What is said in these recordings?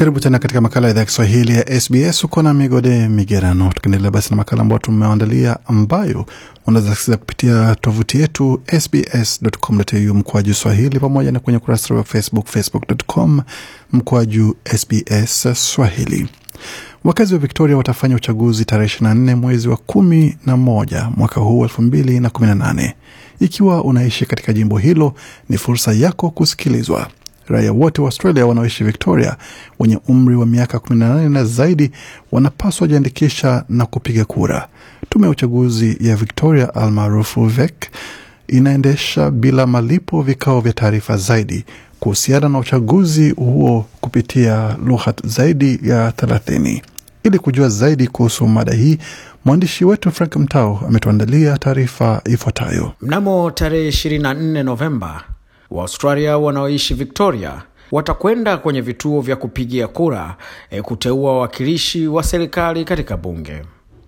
Karibu tena katika makala ya idhaa ya Kiswahili ya SBS. Uko na Migode Migerano, tukiendelea basi na makala ambayo tumeandalia, ambayo unaweza kusikiza kupitia tovuti yetu sbs.com.au mkoaju swahili, pamoja na kwenye ukurasa wa Facebook, facebook.com mkoaju sbs swahili. Wakazi wa Victoria watafanya uchaguzi tarehe 24 mwezi wa 11 mwaka huu 2018. Ikiwa unaishi katika jimbo hilo, ni fursa yako kusikilizwa Raia wote wa Australia wanaoishi Victoria wenye umri wa miaka 18 na zaidi wanapaswa jiandikisha na kupiga kura. Tume ya uchaguzi ya Victoria almaarufu VEC inaendesha bila malipo vikao vya taarifa zaidi kuhusiana na uchaguzi huo kupitia lugha zaidi ya thelathini. Ili kujua zaidi kuhusu mada hii, mwandishi wetu Frank Mtao ametuandalia taarifa ifuatayo. Mnamo tarehe 24 Novemba, Waaustralia wanaoishi Victoria watakwenda kwenye vituo vya kupigia kura e, kuteua wawakilishi wa serikali katika bunge.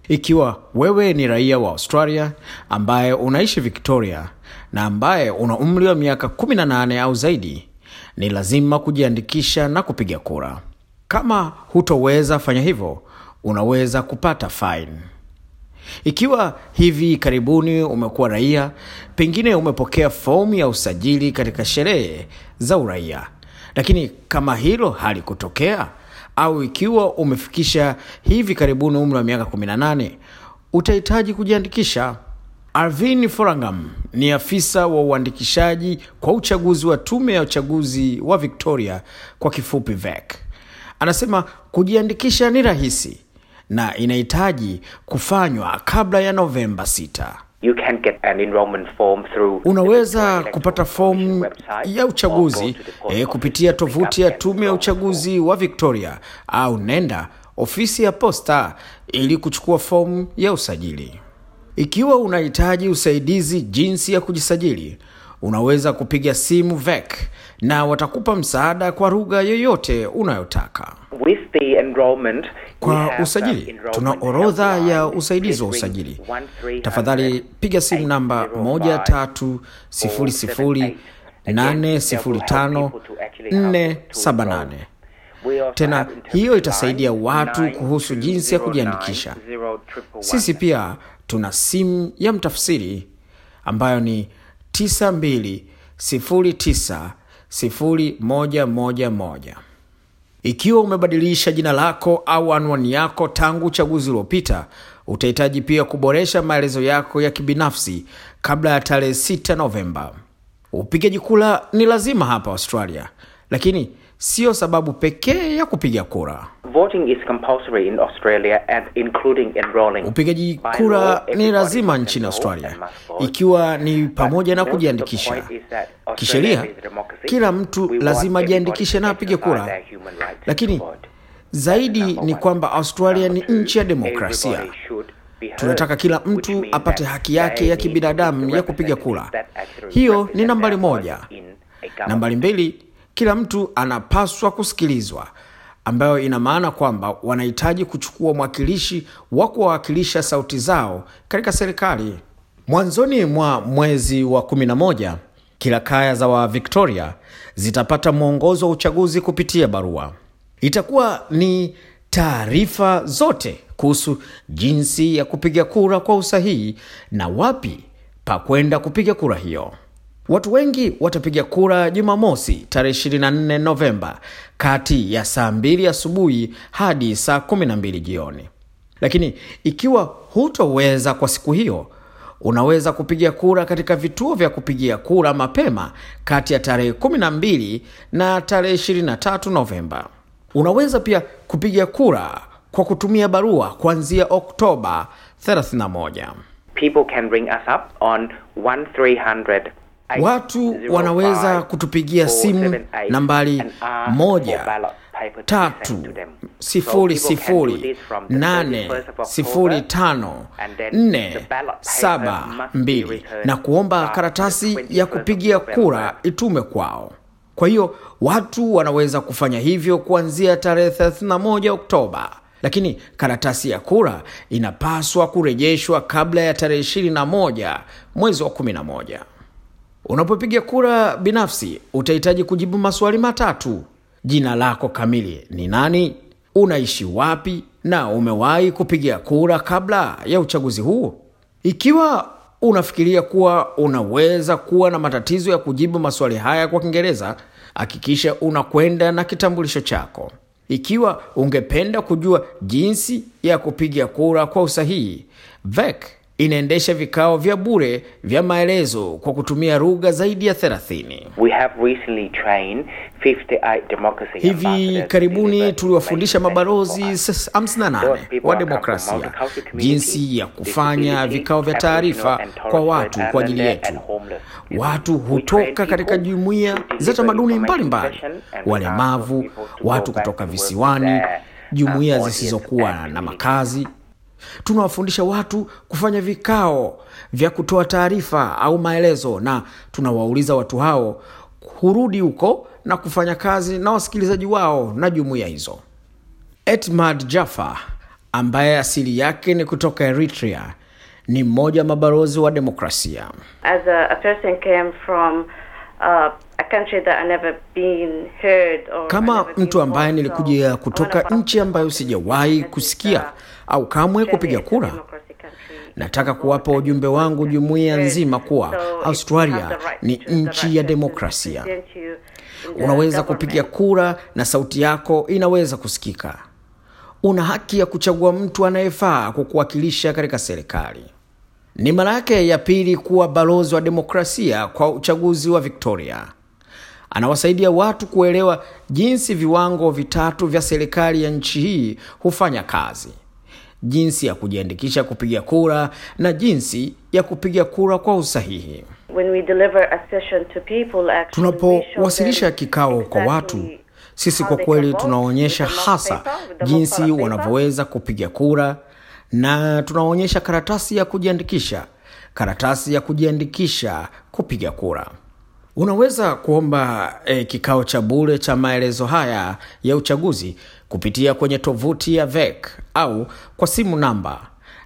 Ikiwa wewe ni raia wa Australia ambaye unaishi Victoria na ambaye una umri wa miaka 18 au zaidi, ni lazima kujiandikisha na kupiga kura. Kama hutoweza fanya hivyo, unaweza kupata faini. Ikiwa hivi karibuni umekuwa raia, pengine umepokea fomu ya usajili katika sherehe za uraia, lakini kama hilo halikutokea au ikiwa umefikisha hivi karibuni umri wa miaka 18 utahitaji kujiandikisha. Arvin Forangam ni afisa wa uandikishaji kwa uchaguzi wa tume ya uchaguzi wa Victoria, kwa kifupi VEC. Anasema kujiandikisha ni rahisi na inahitaji kufanywa kabla ya Novemba 6. You can get an enrollment form through unaweza kupata fomu ya uchaguzi e, kupitia tovuti ya tume ya uchaguzi wa Victoria au nenda ofisi ya posta ili kuchukua fomu ya usajili. Ikiwa unahitaji usaidizi jinsi ya kujisajili, unaweza kupiga simu VEC na watakupa msaada kwa lugha yoyote unayotaka. With the kwa usajili tuna orodha ya usaidizi wa usajili. Tafadhali piga simu namba 1300805478 tena hiyo itasaidia watu kuhusu jinsi ya kujiandikisha. Sisi pia tuna simu ya mtafsiri ambayo ni 92090111. Ikiwa umebadilisha jina lako au anwani yako tangu uchaguzi uliopita, utahitaji pia kuboresha maelezo yako ya kibinafsi kabla ya tarehe 6 Novemba. Upigaji kura ni lazima hapa Australia, lakini siyo sababu pekee ya kupiga kura. Voting is compulsory in Australia and including enrolling. Upigaji kura ni lazima nchini Australia ikiwa ni pamoja na kujiandikisha kisheria. Kila mtu lazima ajiandikishe na apige kura, lakini zaidi ni kwamba Australia ni nchi ya demokrasia. Tunataka kila mtu apate haki yake ya kibinadamu ya kupiga kura. Hiyo ni nambari moja. Nambari mbili, kila mtu anapaswa kusikilizwa ambayo ina maana kwamba wanahitaji kuchukua mwakilishi wa kuwawakilisha sauti zao katika serikali. Mwanzoni mwa mwezi wa 11 kila kaya za wavictoria zitapata mwongozo wa uchaguzi kupitia barua. Itakuwa ni taarifa zote kuhusu jinsi ya kupiga kura kwa usahihi na wapi pa kwenda kupiga kura hiyo. Watu wengi watapiga kura Jumamosi tarehe 24 Novemba kati ya saa 2 asubuhi hadi saa 12 jioni. Lakini ikiwa hutoweza kwa siku hiyo, unaweza kupiga kura katika vituo vya kupigia kura mapema kati ya tarehe 12 na tarehe 23 Novemba. Unaweza pia kupiga kura kwa kutumia barua kuanzia Oktoba 31. People can ring us up on 1300 Watu wanaweza kutupigia simu nambari moja tatu sifuri sifuri nane sifuri tano nne saba mbili na kuomba karatasi ya kupigia kura itume kwao. Kwa hiyo watu wanaweza kufanya hivyo kuanzia tarehe 31 Oktoba, lakini karatasi ya kura inapaswa kurejeshwa kabla ya tarehe 21 mwezi wa 11. Unapopiga kura binafsi, utahitaji kujibu maswali matatu: jina lako kamili ni nani, unaishi wapi, na umewahi kupiga kura kabla ya uchaguzi huo. Ikiwa unafikiria kuwa unaweza kuwa na matatizo ya kujibu maswali haya kwa Kiingereza, hakikisha unakwenda na kitambulisho chako. Ikiwa ungependa kujua jinsi ya kupiga kura kwa usahihi, inaendesha vikao vya bure vya maelezo kwa kutumia lugha zaidi ya 30. We have 58 hivi karibuni tuliwafundisha mabalozi 58 wa demokrasia jinsi ya kufanya vikao vya taarifa kwa watu kwa ajili yetu. Watu hutoka katika jumuiya za tamaduni mbalimbali, walemavu, watu kutoka visiwani, jumuiya zisizokuwa na makazi tunawafundisha watu kufanya vikao vya kutoa taarifa au maelezo na tunawauliza watu hao kurudi huko na kufanya kazi na wasikilizaji wao na jumuiya hizo. Etmad Jaffa ambaye asili yake ni kutoka Eritrea ni mmoja wa mabalozi wa demokrasia As a, a kama mtu ambaye nilikuja kutoka nchi ambayo sijawahi kusikia uh, au kamwe kupiga kura. Nataka kuwapa ujumbe wangu jumuiya nzima kuwa Australia ni nchi ya demokrasia. Unaweza kupiga kura na sauti yako inaweza kusikika. Una haki ya kuchagua mtu anayefaa kukuwakilisha katika serikali. Ni mara yake ya pili kuwa balozi wa demokrasia kwa uchaguzi wa Victoria. Anawasaidia watu kuelewa jinsi viwango vitatu vya serikali ya nchi hii hufanya kazi, jinsi ya kujiandikisha kupiga kura na jinsi ya kupiga kura kwa usahihi. Tunapowasilisha kikao exactly kwa watu, sisi kwa kweli tunaonyesha hasa jinsi wanavyoweza kupiga kura na tunaonyesha karatasi ya kujiandikisha, karatasi ya kujiandikisha kupiga kura. Unaweza kuomba e, kikao cha bure cha maelezo haya ya uchaguzi kupitia kwenye tovuti ya VEC au kwa simu namba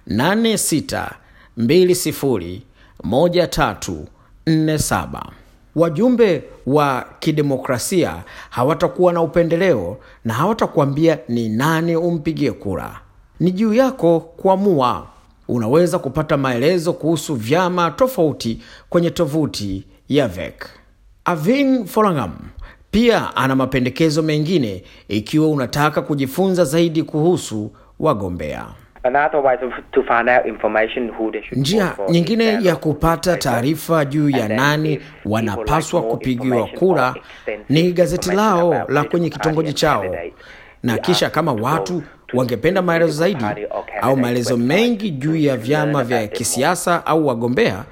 86201347. Wajumbe wa kidemokrasia hawatakuwa na upendeleo na hawatakuambia ni nani umpigie kura. Ni juu yako kuamua. Unaweza kupata maelezo kuhusu vyama tofauti kwenye tovuti ya VEC. Avin Folangam pia ana mapendekezo mengine ikiwa unataka kujifunza zaidi kuhusu wagombea. Njia nyingine ya kupata taarifa juu ya nani wanapaswa kupigiwa kura ni gazeti lao la kwenye kitongoji chao, na kisha kama watu wangependa maelezo zaidi au maelezo mengi juu ya vyama vya kisiasa au wagombea,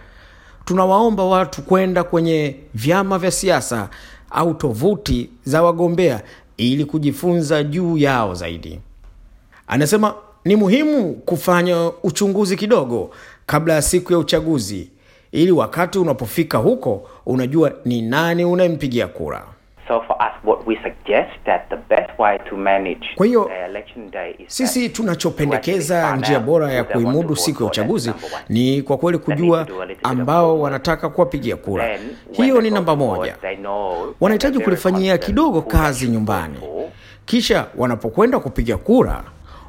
tunawaomba watu kwenda kwenye vyama vya siasa au tovuti za wagombea ili kujifunza juu yao zaidi. Anasema ni muhimu kufanya uchunguzi kidogo kabla ya siku ya uchaguzi, ili wakati unapofika huko unajua ni nani unayempigia kura. So for us, what we kwa hiyo sisi tunachopendekeza, njia bora ya kuimudu siku ya uchaguzi ni kwa kweli kujua ambao wanataka kuwapigia kura. Hiyo ni namba moja. Wanahitaji kulifanyia kidogo kazi nyumbani, kisha wanapokwenda kupiga kura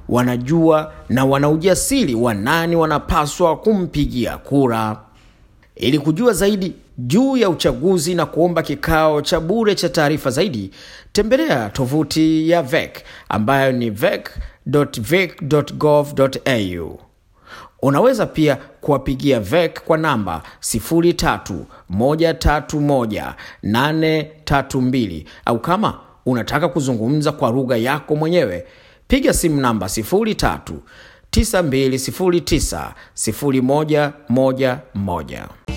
wanajua na wana ujasiri wa nani wanapaswa kumpigia kura. Ili kujua zaidi juu ya uchaguzi na kuomba kikao cha bure cha taarifa zaidi, tembelea tovuti ya VEC ambayo ni vec.vec.gov.au. Unaweza pia kuwapigia VEC kwa namba 3131832 au kama unataka kuzungumza kwa lugha yako mwenyewe, piga simu namba 03 9209 0111.